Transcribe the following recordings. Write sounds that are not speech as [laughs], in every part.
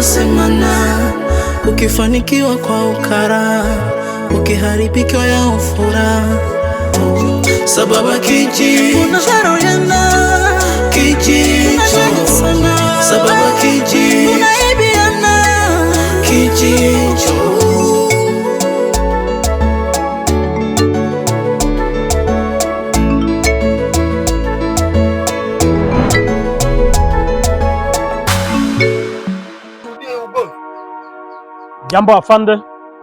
tunayosemana, ukifanikiwa kwa ukara, ukiharibikiwa ya ufura sababa kiji Jambo afande.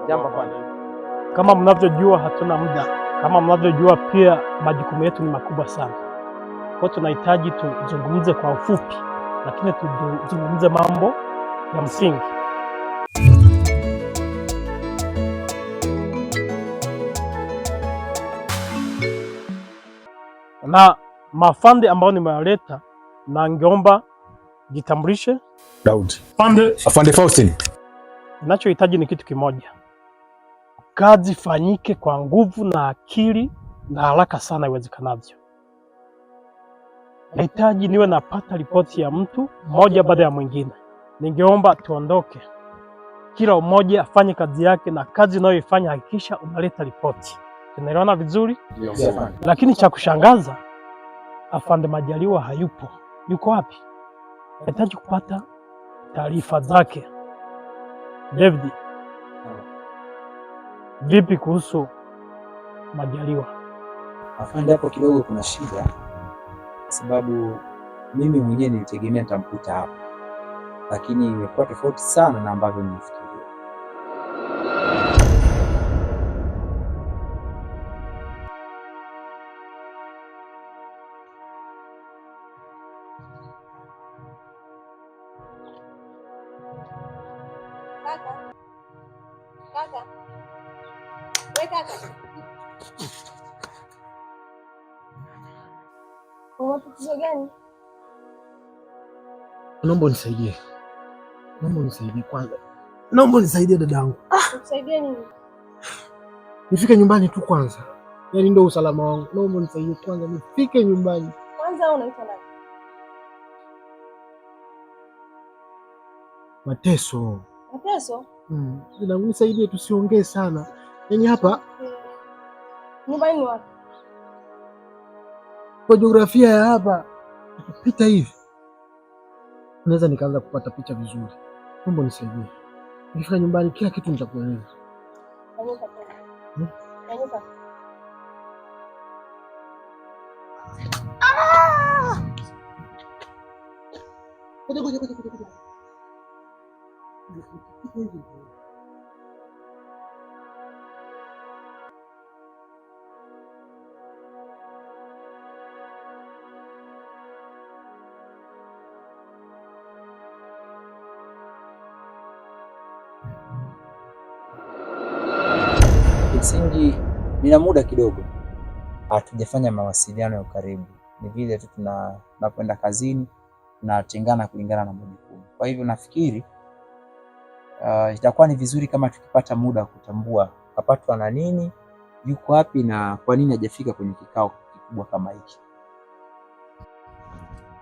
Jambo afande. Kama mnavyojua hatuna muda, kama mnavyojua pia majukumu yetu ni makubwa sana, kwa tunahitaji tuzungumze kwa ufupi, lakini tuzungumze mambo ya msingi. Na mafande ambao nimewaleta, na ngeomba jitambulishe. Daudi. Afande Faustin. Ninachohitaji ni kitu kimoja, kazi fanyike kwa nguvu na akili na haraka sana iwezekanavyo. Nahitaji niwe napata ripoti ya mtu mmoja baada ya mwingine. Ningeomba tuondoke, kila mmoja afanye kazi yake, na kazi unayoifanya hakikisha unaleta ripoti. Tunaelewana vizuri? Yes. Lakini cha kushangaza afande Majaliwa hayupo. Yuko wapi? Nahitaji kupata taarifa zake. David, ah. vipi kuhusu Majaliwa? Afande, hapo kidogo kuna shida, sababu mimi mwenyewe nilitegemea nitamkuta hapa, lakini imekuwa tofauti sana na ambavyo nilifikiria. naomba unisaidie, naomba unisaidie kwanza, naomba unisaidie dadangu. Ah, nisaidie nini? Nifike nyumbani tu kwanza, yaani ndio usalama wangu. Naomba unisaidie kwanza, nifike nyumbani kwanza. Unaitwa nani? Mateso. Mateso? Mm. Dadangu, nisaidie, tusiongee sana, yaani hapa hmm. nyumbani ni wapi? Kwa jiografia ya hapa pita hivi naweza nikaanza kupata picha vizuri. Mambo nisaidie. Nikifika nyumbani kila kitu nitakueleza. Hmm? Ah! Kuja ah! kuja kuja kuja. Fundi, nina muda kidogo, hatujafanya mawasiliano ya ukaribu, ni vile tu tunapoenda kazini tunatengana kulingana na majukumu. Kwa hivyo nafikiri uh, itakuwa ni vizuri kama tukipata muda wa kutambua kapatwa na nini, yuko wapi na kwa nini hajafika kwenye kikao kikubwa kama hiki.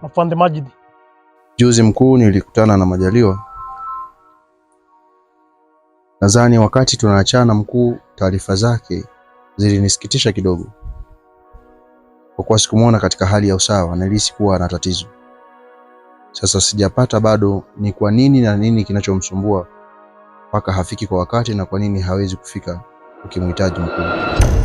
Afande Majid, juzi mkuu nilikutana na Majaliwa Nadhani wakati tunaachana mkuu, taarifa zake zilinisikitisha kidogo, kwa kuwa sikumwona katika hali ya usawa, nilihisi kuwa ana tatizo. Sasa sijapata bado ni kwa nini na nini kinachomsumbua mpaka hafiki kwa wakati, na kwa nini hawezi kufika ukimhitaji mkuu.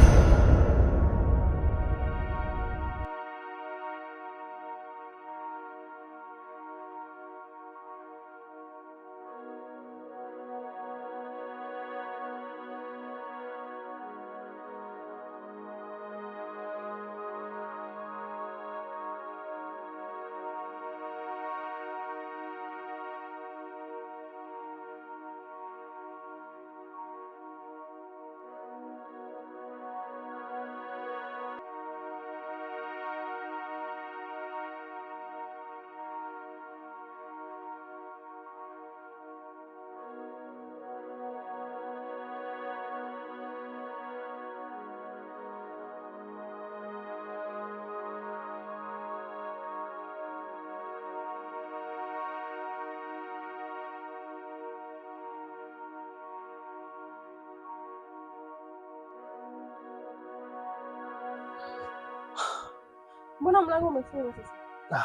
Mbona mlango umefungwa sasa? Ah.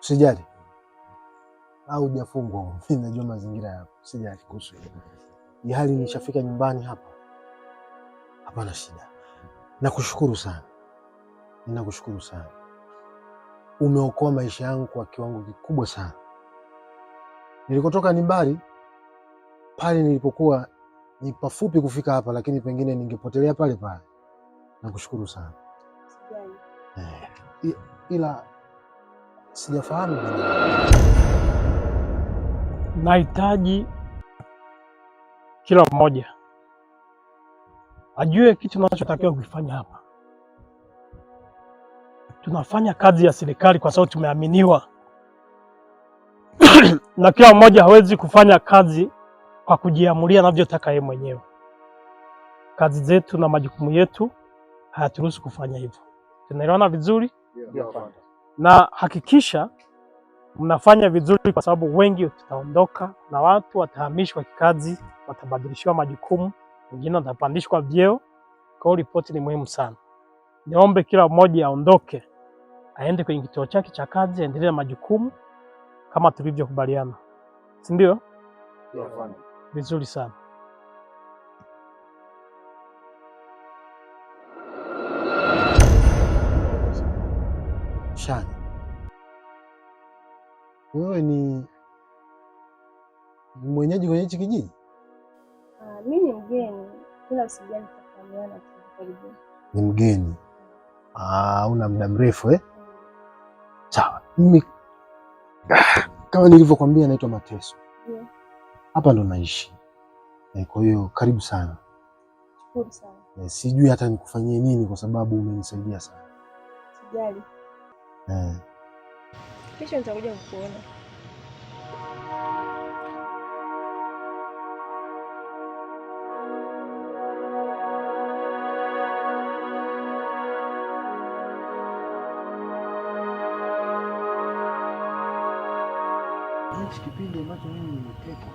Usijali. Au hujafungwa. Mimi najua mazingira yako. Usijali kuhusu Ni Hali nishafika nyumbani hapa. Hapana shida. Nakushukuru sana. Ninakushukuru sana. Umeokoa maisha yangu kwa kiwango kikubwa sana. Nilikotoka ni mbali pale, nilipokuwa ni pafupi kufika hapa, lakini pengine ningepotelea pale pale. Nakushukuru sana ila sijafahamu. Nahitaji kila mmoja ajue kitu tunachotakiwa kukifanya hapa. Tunafanya kazi ya serikali kwa sababu tumeaminiwa [clears throat] na kila mmoja hawezi kufanya kazi kwa kujiamulia anavyotaka yeye mwenyewe. Kazi zetu na majukumu yetu hayaturuhusu kufanya hivyo. Tunaelewana vizuri? na hakikisha mnafanya vizuri, kwa sababu wengi wataondoka na watu watahamishwa kikazi, watabadilishiwa majukumu, wengine watapandishwa vyeo. Kwa hiyo ripoti ni muhimu sana. Niombe kila mmoja aondoke aende kwenye kituo chake cha kazi, aendelee na majukumu kama tulivyokubaliana, si ndio? Vizuri sana. maishani. Wewe ni mwenyeji kwenye hichi kijiji? Uh, ah, mimi ni mgeni, ila usijali tutafahamiana tu karibu. Ni mgeni mm. ah, una uh, muda mrefu eh? Sawa, mimi kama nilivyokuambia naitwa Mateso hapa, yeah. ndo naishi e, kwa hiyo karibu sana sana. E, sijui hata nikufanyie nini kwa sababu umenisaidia sana. Sijali mm. Kesho nitakuja kukuona. Kipindi ambacho mimi nimetekwa,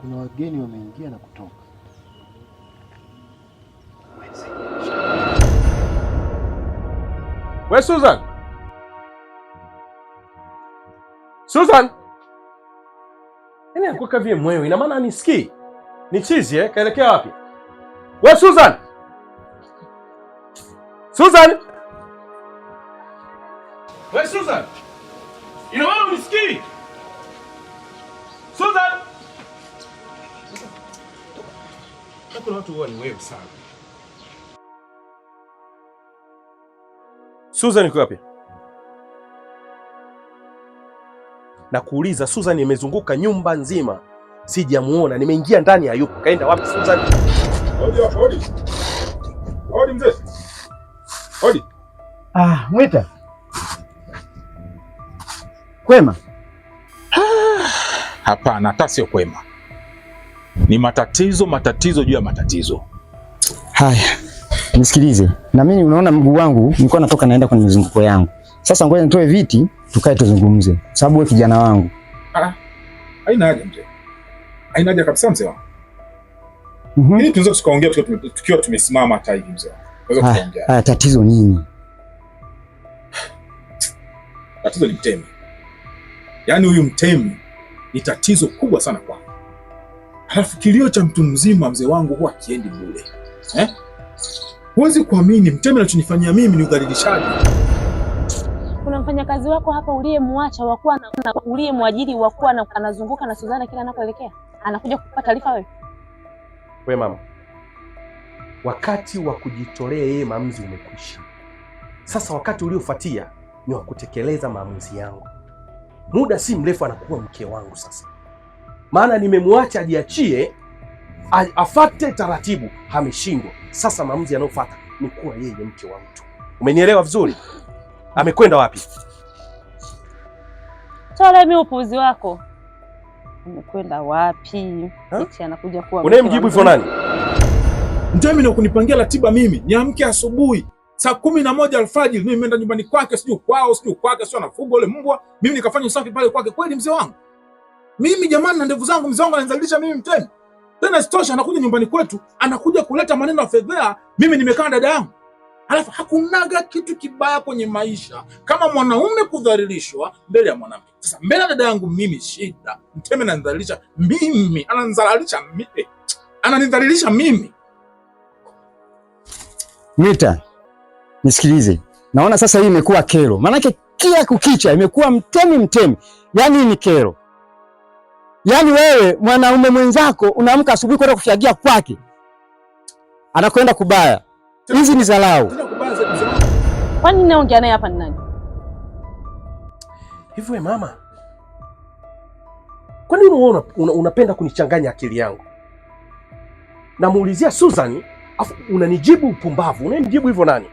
kuna wageni wameingia na kutoka We Susan. Susan. Yaani anakuweka vile mwewe, ina maana anisikii. Ni chizi eh, kaelekea wapi? We Susan. Susan. We Susan. Ina maana unisikii? Susan. Kuna watu huwa ni wewe sana. Susan yuko wapi? Na kuuliza Susan imezunguka nyumba nzima sijamuona, nimeingia ndani hayupo. Kaenda wapi Susan? Ah, Mwita. Kwema? [sighs] Hapana, hata sio kwema, ni matatizo, matatizo juu ya matatizo haya nisikilize. Na mimi unaona mguu wangu nilikuwa natoka naenda kwenye mizunguko yangu. Sasa ngoja nitoe viti tukae tuzungumze. Sababu wewe kijana wangu. Ah. Haina haja mzee. Haina haja kabisa mzee wangu. Mhm. Ili tunaweza tukaongea tukiwa tumesimama hata hivi mzee. Tunaweza ah, kuongea. Ah, tatizo nini? Tatizo ni mtemi. Yaani huyu mtemi ni tatizo kubwa sana kwangu. Halafu kilio cha mtu mzima mzee wangu huwa kiendi bure. Eh? Huwezi kuamini Mtemi anachonifanyia mimi ni udhalilishaji. Kuna mfanyakazi wako hapa uliyemwacha wakuwa na uliyemwajiri wakuwa na, anazunguka na Suzana kila anakoelekea anakuja kukupa taarifa wewe. We mama, wakati wa kujitolea yeye maamuzi umekwisha. Sasa wakati uliofuatia ni wa kutekeleza maamuzi yangu. Muda si mrefu anakuwa mke wangu sasa, maana nimemwacha ajiachie afate taratibu, ameshindwa. Sasa maamuzi yanayofuata ni kuwa yeye mke wa mtu. Umenielewa vizuri? Amekwenda wapi? Tole mi upuuzi wako, amekwenda wapi? Eti anakuja kuwa unayemjibu hivyo nani? Mtemi na kunipangia ratiba mimi, niamke asubuhi saa kumi na moja alfajiri, mimi nimeenda nyumbani kwake, sijui kwao, sijui kwake, sio anafuga ule mbwa, mimi nikafanya usafi pale kwake. Kweli mzee wangu mimi jamani, na ndevu zangu mzee wangu ananizalilisha mimi Mtemi. Tena isitoshe anakuja nyumbani kwetu, anakuja kuleta maneno ya fedhea. Mimi nimekaa dada yangu, alafu hakunaga kitu kibaya kwenye maisha kama mwanaume kudhalilishwa mbele ya mwanamke. Sasa mbele ya dada yangu mimi shida, Mtemi ananidhalilisha mimi, eh, ananidhalilisha mimi, ananidhalilisha mimi. Mwita, nisikilize, naona sasa hii imekuwa kero, maanake kila kukicha imekuwa Mtemi Mtemi, yaani ni kero Yaani wewe mwanaume mwenzako unaamka asubuhi kwenda kufyagia kwake, anakwenda kubaya. Hizi ni dharau. Kwani naongea naye hapa ni nani? Hivi mama, kwani unaona unapenda kunichanganya akili yangu? Namuulizia Susan, afu unanijibu upumbavu. Unanijibu hivyo nani?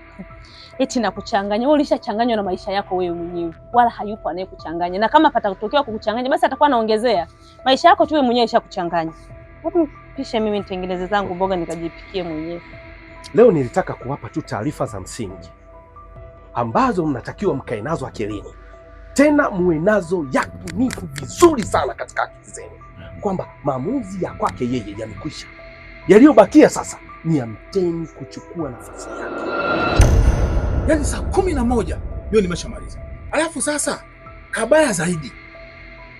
eti na kuchanganya wewe, ulishachanganywa na maisha yako wewe mwenyewe, wala hayupo anayekuchanganya. Na kama patatokea kukuchanganya, basi atakuwa anaongezea maisha yako tu, wewe mwenyewe ishakuchanganya. Hebu pishe mimi nitengeneze zangu mboga nikajipikie mwenyewe. Leo nilitaka kuwapa tu taarifa za msingi ambazo mnatakiwa mkae nazo akilini, tena muwe nazo yakinifu vizuri sana katika akili zenu, kwamba maamuzi ya kwake yeye yamekwisha, yaliyobakia sasa ni ya mtemi kuchukua nafasi yake yani saa kumi na moja hiyo nimeshamaliza. Alafu sasa kabaya zaidi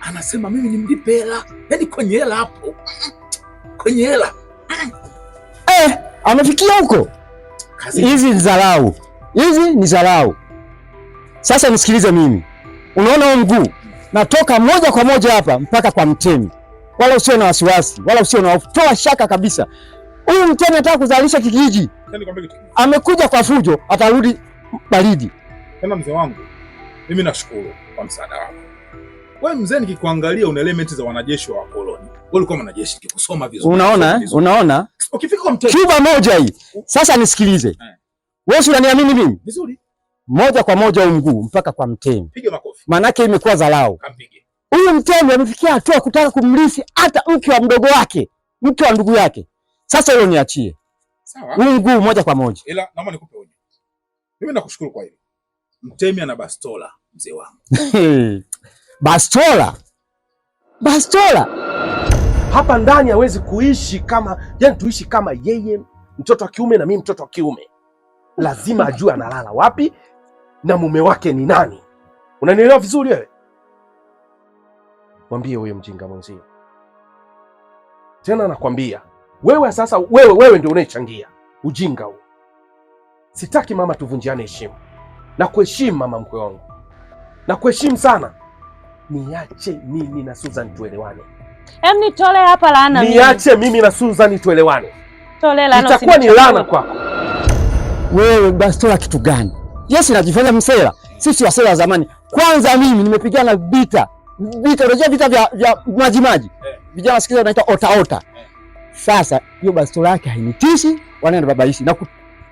anasema mimi nimlipe hela, yani kwenye hela hapo, kwenye hela eh, amefikia huko. Hizi ni dharau, hizi ni dharau. Sasa nisikilize mimi, unaona huo mguu natoka moja kwa moja hapa mpaka kwa mtemi, wala usio na wasiwasi, wala usio na toa shaka kabisa. Huyu mtemi anataka kuzalisha kijiji, yaani amekuja kwa fujo, atarudi baridi. Tena mzee wangu, mimi nashukuru kwa msaada wako. Wewe mzee, nikikuangalia una elementi za wanajeshi wa wakoloni. Wewe ulikuwa mwanajeshi kusoma vizuri. Unaona, unaona? Ukifika kwa mtego. chuba moja hii. Sasa nisikilize. Eh. Wewe si unaniamini mimi? Vizuri. Moja kwa moja huu mguu mpaka kwa mtemi. Piga makofi. Manake imekuwa dharau. Kampige. Huyu mtemi amefikia hatua kutaka kumrithi hata mke wa mdogo wake, mke wa ndugu yake. Sasa hilo niachie. Sawa. Huu mguu moja kwa moja. Ila naomba nikupe mimi nakushukuru kwa hili. Mtemi ana bastola mzee wangu. [laughs] Bastola, bastola hapa ndani hawezi kuishi kama, yani tuishi kama yeye mtoto wa kiume na mimi mtoto wa kiume, lazima ajue analala wapi na mume wake ni nani. Unanielewa vizuri wewe? Mwambie huyo mjinga mwenzio tena, nakwambia wewe sasa, wewe wewe ndio unaichangia ujinga huu. Sitaki mama, tuvunjiane heshima na kuheshimu. Mama mkwe wangu, na kuheshimu sana. Niache mimi na Susan tuelewane. Em, nitole hapa laana. Niache mimi na Susan tuelewane. Tole laana. Itakuwa ni laana kwako. Wewe tola kitu gani? Yesu najifanya msela. Sisi wasela zamani. Kwanza mimi nimepigana vita. Vita unajua vita vya vya maji maji. Eh. Vijana sikiza wanaita ota ota. Eh. Sasa hiyo bastola yake hainitishi, wanaenda babaishi na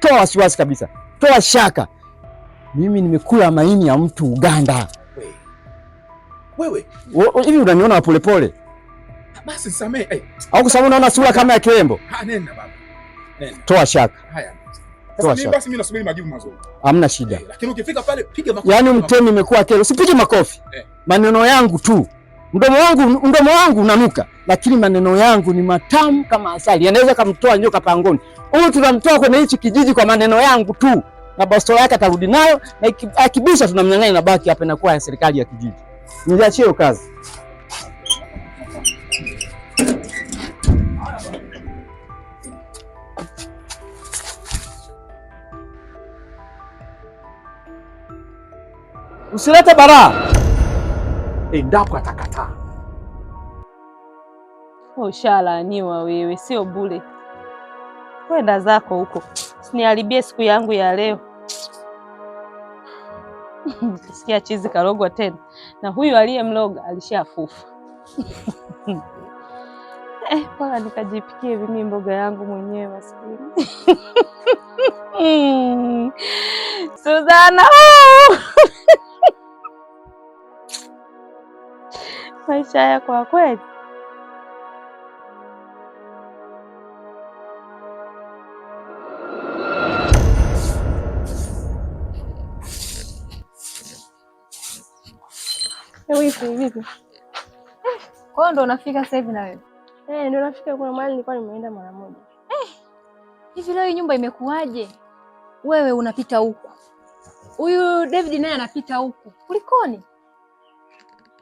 toa wasiwasi kabisa, toa shaka. Mimi nimekula maini ya mtu Uganda. Wewe hivi unaniona wa polepole? Ah, basi samee hey. Au kwa unaona sura kama ya Ha, Nenda baba, nenda, toa shaka. Haya basi, mimi nasubiri majibu mazuri, hamna shida. Lakini ukifika pale piga makofi. Yaani mtemi imekuwa kero, usipige makofi hey. Maneno yangu tu Mdomo wangu mdomo wangu unanuka, lakini maneno yangu ni matamu kama asali, yanaweza kamtoa nyoka pangoni. Huyu tunamtoa kwenye hichi kijiji kwa maneno yangu tu, na bastola yake atarudi nayo, na akibisha tunamnyang'anya na baki hapa, inakuwa ya serikali ya kijiji. Niachie hiyo kazi. Usilete baraa endapo atakataa. Ushalaaniwa wewe, sio bure. Kwenda zako huko, siniharibie siku yangu ya leo. Sikia, chizi karogwa tena, na huyu aliyemloga alishafufa. [laughs] Eh, pala nikajipikie mimi mboga yangu mwenyewe maskini. [laughs] Hmm. Suzana maisha haya kwa kweli? Vipi? Eh, kwa hiyo ndo unafika sasa hivi na wewe? Eh, ndo nafika. Kuna mahali nilikuwa nimeenda mara moja. Eh, hivi leo hii nyumba imekuwaje? Wewe unapita huku, huyu David naye anapita huku, kulikoni?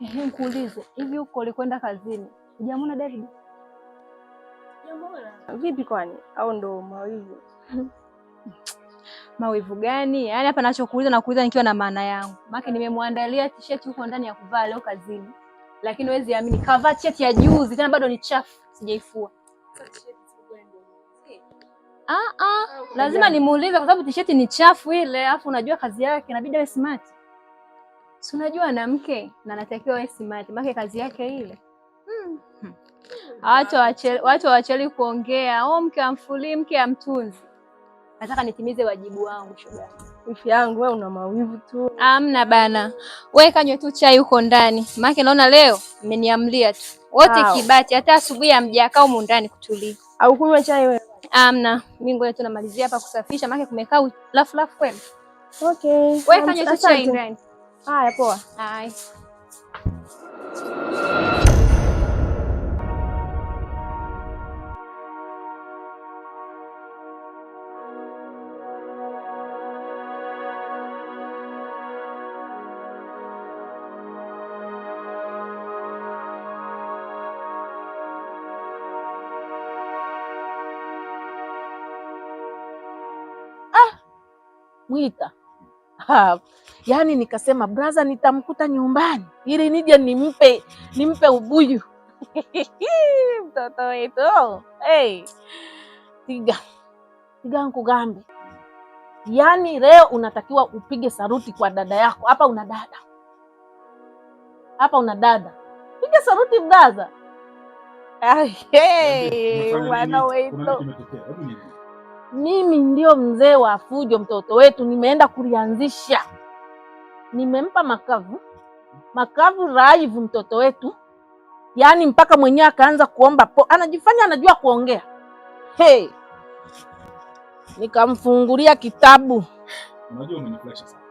Ehe, nikuulize hivi, huko ulikwenda kazini hujamwona David? vipi? Kwani au ndo mawivu? [laughs] mawivu gani? Yaani hapa nachokuuliza na kuuliza nikiwa na maana yangu, maana nimemwandalia t-shirt huko ndani ya kuvaa leo kazini, lakini huwezi amini, kavaa t-shirt ya juzi tena bado ni chafu, sijaifua. Ah, ah, ah lazima nimuulize kwa sababu t-shirt ni chafu ile, alafu unajua kazi yake, inabidi awe smart Si unajua na mke na natakiwa awe smart, maana kazi yake ile hmm. Hmm. Watu hawachelewi kuongea, o, oh, mke amfulii, mke amtunzi. Nataka nitimize wajibu wangu. Shoga wifi yangu, we una mawivu tu. Amna bana, we kanywe tu chai huko ndani, maake naona leo mmeniamlia tu wote kibati, hata asubuhi amjakaa humu ndani kutulia. Au kunywa chai wewe? Amna, mimi ngoja tu namalizia hapa kusafisha, maana kumekaa lafulafu kweli. Okay, wewe kanywe tu chai ndani. Ah, é pô. Ai. Ah! Muita. Yaani nikasema brother, nitamkuta nyumbani ili nije nimpe nimpe ubuyu [laughs] mtoto wetu hey. Tiga tiga, nkugambe, yaani leo unatakiwa upige saruti kwa dada yako. Hapa una dada, hapa una dada, piga saruti brother. Hey, mwana yaani, wetu mimi ndio mzee wa fujo, mtoto wetu nimeenda kulianzisha. Nimempa makavu makavu raivu mtoto wetu, yaani mpaka mwenyewe akaanza kuomba po, anajifanya anajua kuongea. Hey, nikamfungulia kitabu. Unajua umenifurahisha sana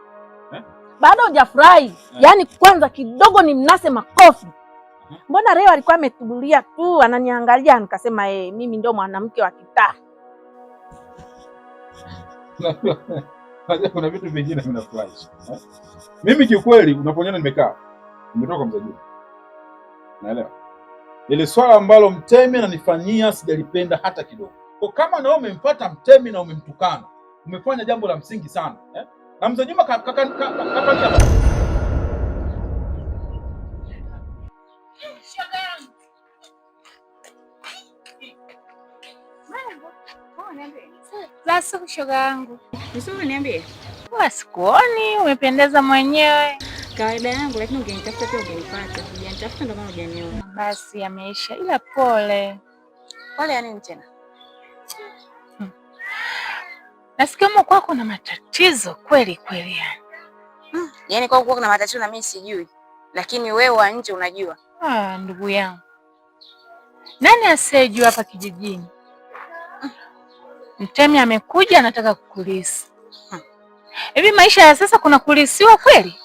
eh? Bado hujafurahi eh? Yaani kwanza kidogo ni mnase makofi eh? mbona? Uh Leo alikuwa ametulia tu ananiangalia, nikasema eh, mimi ndio mwanamke wa kitaa kuna vitu vingine vinafurahisha eh? mimi kiukweli. Unaponiona nimekaa nimetoka mzajuni, naelewa ile swala ambalo Mtemi ananifanyia sijalipenda hata kidogo. Kwa kama nawe umempata Mtemi na umemtukana, umefanya jambo la msingi sana eh? na Mzee Juma Kasuku, shoga yangu. Vizuri, niambie. Sikuoni, umependeza mwenyewe. Kawaida yangu, lakini ungenitafuta pia ungenipata. Ungenitafuta ndio maana hujaniona. Basi yameisha, ila pole. Pole ya nini tena? Hmm. Nasikia kwako kuna matatizo kweli kweli yani. Hmm. Yaani kwako kuna matatizo na mimi sijui, lakini wewe wa nje unajua. Ah, ndugu yangu, nani asiyejua hapa kijijini Mtemi amekuja anataka kukulisi. Hmm. Hivi maisha ya sasa kuna kulisiwa kweli?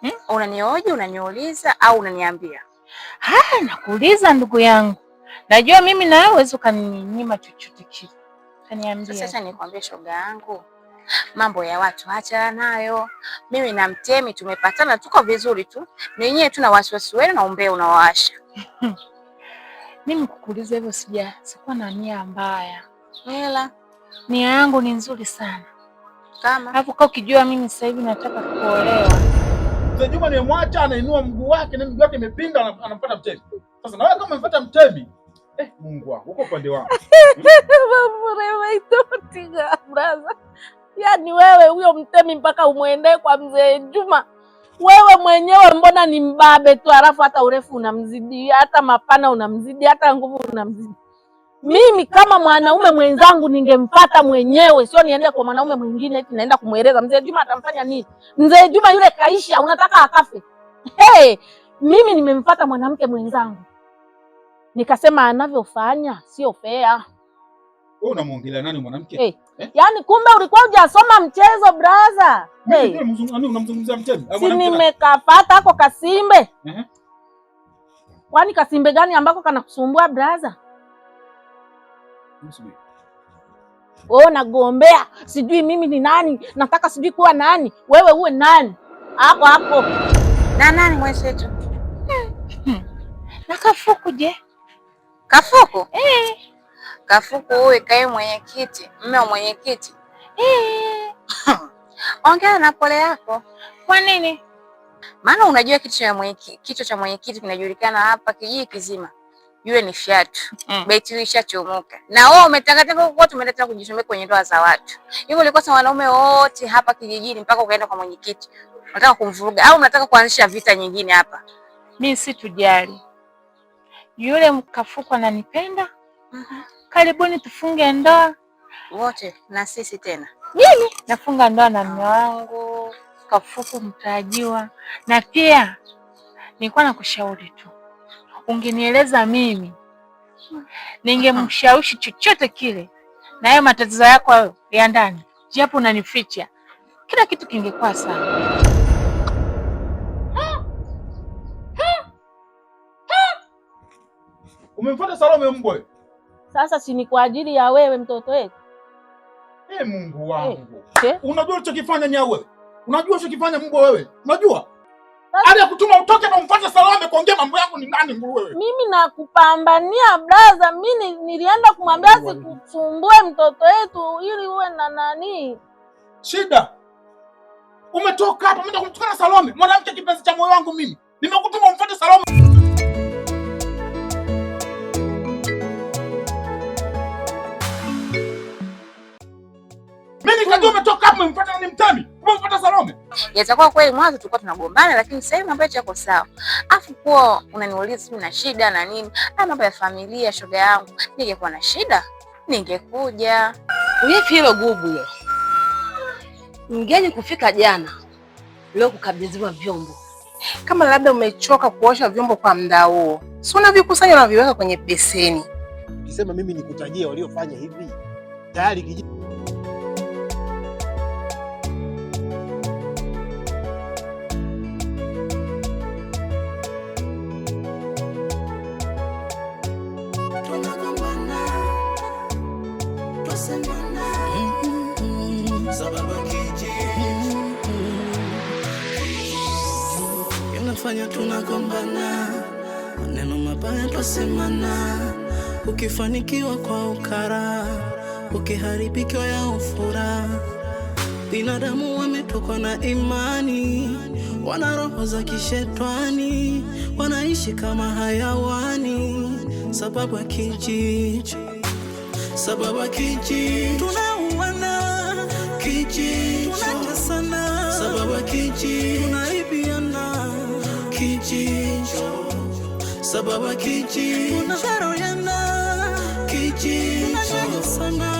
Hmm? Unanioje, unaniuliza au unaniambia? Haya, nakuuliza ndugu yangu. Najua mimi na wewe uweze ukaninyima chochote kile. Kaniambia. Sasa nikwambie shoga yangu. Mambo ya watu acha nayo. Mimi na Mtemi tumepatana, tuko vizuri tu. Ninyewe na wasiwasi wenu na umbea unawasha. [laughs] Mimi kukuuliza hivyo sija sikuwa na nia mbaya hela. Nia yangu ni nzuri sana kama alafu ka ukijua mimi sasa hivi nataka kuolewa. Mzee Juma nimemwacha anainua mguu wake na mguu wake imepinda, anampata mtemi. Sasa na wewe kama umepata mtemi eh, Mungu wangu uko upande wangu [laughs] braza. Yaani wewe huyo mtemi mpaka umwendee kwa mzee Juma. Wewe mwenyewe mbona ni mbabe tu, alafu hata urefu unamzidi, hata mapana unamzidi, hata nguvu unamzidi. Mimi kama mwanaume mwenzangu ningemfata mwenyewe, sio niende kwa mwanaume mwingine eti naenda kumweleza mzee Juma atamfanya nini? Mzee Juma yule kaisha, unataka akafe? Hey, mimi nimemfata mwanamke mwenzangu nikasema anavyofanya sio fair. Wewe unamwongelea nani mwanamke? Hey. Eh? Yaani kumbe ulikuwa hujasoma mchezo brother. Hey. Unamzungumzia mchezo? Ah, si nimekapata ako kasimbe. Uh -huh. Kwani kasimbe gani ambako kanakusumbua brother? Wewe unagombea sijui mimi ni nani, nataka sijui kuwa nani, wewe uwe nani hapo hapo na nani mwenzetu hmm. na Kafuku. Je, Kafuku eh, Kafuku huyu kae mwenyekiti, mme wa mwenyekiti eh. [laughs] Ongea na pole yako. Kwa nini? Maana unajua kitu cha mwenyekiti kinajulikana hapa kijiji kizima iwe ni fyatu mm. beti ilishachomoka na wewe umetangaza kwa tumeenda tena kujisomea kwenye ndoa za watu. Hivyo ulikuwa sana wanaume wote hapa kijijini mpaka ukaenda kwa mwenyekiti. Unataka kumvuruga au unataka kuanzisha vita nyingine hapa? Mimi tujali Yule mkafuko ananipenda. Mm -hmm. Karibuni tufunge ndoa wote na sisi tena. Mimi nafunga ndoa na mume wangu Kafuku mtarajiwa, na pia nilikuwa nakushauri tu ungenieleza mimi, ningemshawishi chochote kile, na hayo matatizo yako hayo ya ndani, japo unanificha, kila kitu kingekuwa sawa. Umemfuata Salome mbwe. Sasa si ni kwa ajili ya wewe mtoto wetu. Hey, eh, Mungu wangu. Hey. Eh, eh. Unajua ulichokifanya nyawe? Unajua ulichokifanya mbwa wewe? Unajua? Hadi yaani kutuma utoke na umfuate Salome kuongea mambo yangu ni nani nguruwe wewe? Mimi nakupambania brother, mimi nilienda kumwambia sikusumbue mtoto wetu ili uwe na nani? Shida. Umetoka hapa mimi kumtukana Salome, mwanamke kipenzi cha moyo wangu mimi. Nimekutuma umfuate Salome. Mimi nikajua umetoka hapa umemfuata nani mtani? umempata Salome? Yatakuwa kweli mwanzo tulikuwa tunagombana, lakini sasa hivi mambo yetu yako sawa. Afu kuwa unaniuliza mimi na shida na nini? Ah, mambo ya familia, shoga yangu. Ningekuwa na shida, ningekuja. Uyepi hilo gubu hilo. Mgeni kufika jana, leo kukabidhiwa vyombo. Kama labda umechoka kuosha vyombo kwa muda huo, si unavikusanya na viweka kwenye beseni. Ukisema mimi nikutajie waliofanya hivi, tayari kijiji ukifanya tunagombana, maneno mabaya twasemana, ukifanikiwa kwa ukara, ukiharibikiwa ya ufura. Binadamu wametokwa na imani, wana roho za kishetwani, wanaishi kama hayawani, sababu ya kijiji, sababu ya kijiji, tunauana kijiji, tunatesana sababu ya kijiji kichinjo sababa kichinjo unajaribu yana kichinjo sana